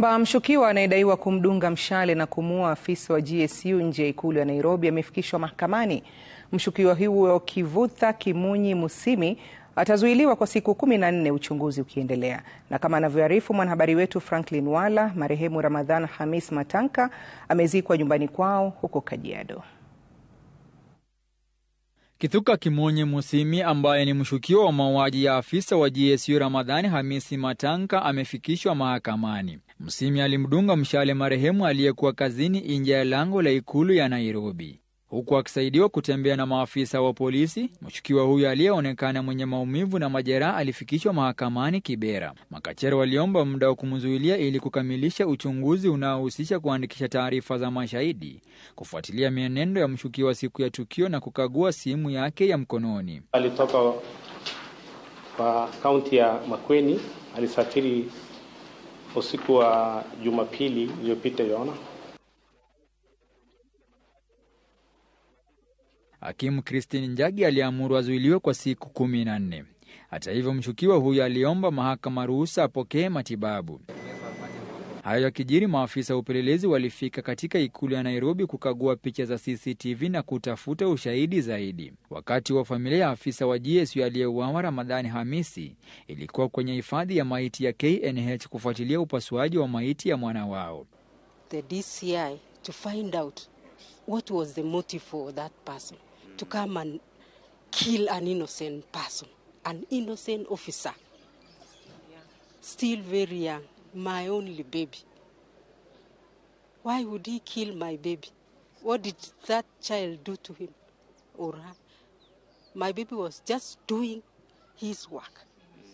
Mba mshukiwa anayedaiwa kumdunga mshale na kumuua afisa wa GSU nje ya ikulu ya Nairobi amefikishwa mahakamani. Mshukiwa huyo Kivutha Kimunyi Musimi atazuiliwa kwa siku kumi na nne uchunguzi ukiendelea. Na kama anavyoarifu mwanahabari wetu Franklin Wala, marehemu Ramadhan Hamis Matanka amezikwa nyumbani kwao huko Kajiado. Kithuka Kimunyi Musimi ambaye ni mshukiwa wa mauaji ya afisa wa GSU Ramadhani Hamisi Matanka amefikishwa mahakamani. Msimi alimdunga mshale marehemu aliyekuwa kazini nje ya lango la ikulu ya Nairobi, huku akisaidiwa kutembea na maafisa wa polisi. Mshukiwa huyo aliyeonekana mwenye maumivu na majeraha alifikishwa mahakamani Kibera. Makachero waliomba muda wa kumzuilia ili kukamilisha uchunguzi unaohusisha kuandikisha taarifa za mashahidi, kufuatilia mienendo ya mshukiwa siku ya tukio na kukagua simu yake ya mkononi. Alitoka kwa kaunti ya Makueni, alisafiri usiku wa Jumapili iliyopita Yohana. Hakimu Christine Njagi aliamuru azuiliwe kwa siku kumi na nne. Hata hivyo, mshukiwa huyo aliomba mahakama ruhusa apokee matibabu. Hayo yakijiri, maafisa wa upelelezi walifika katika ikulu ya Nairobi kukagua picha za CCTV na kutafuta ushahidi zaidi. Wakati wa familia ya afisa wa GSU aliyeuawa Ramadhani Hamisi ilikuwa kwenye hifadhi ya maiti ya KNH kufuatilia upasuaji wa maiti ya mwana wao. The DCI to find out what was the motive for that person to come and kill an innocent person, an innocent officer still very young my only baby. Why would he kill my baby? What did that child do to him or her? My baby was just doing his work.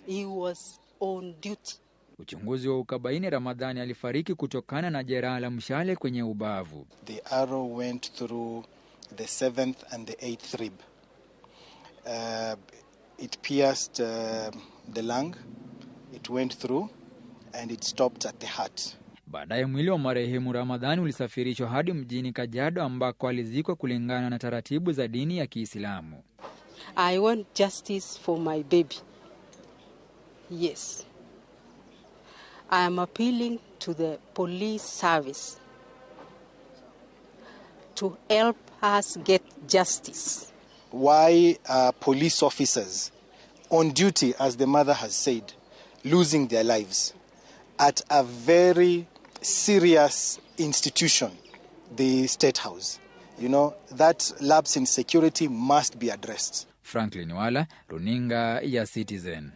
He was on duty. Uchunguzi wa ukabaini Ramadhani alifariki kutokana na jeraha la mshale kwenye ubavu. The arrow went through the seventh and the eighth rib. Uh, it pierced uh, the lung. It went through and it stopped at the heart. Baadaye mwili wa marehemu Ramadhani ulisafirishwa hadi mjini Kajado ambako alizikwa kulingana na taratibu za dini ya Kiislamu. I want justice for my baby. Yes. I am appealing to the police service to help us get justice. Why are police officers on duty as the mother has said losing their lives? at a very serious institution, the State House. You know, that lapse in security must be addressed. Franklin Wala, Runinga ya Citizen.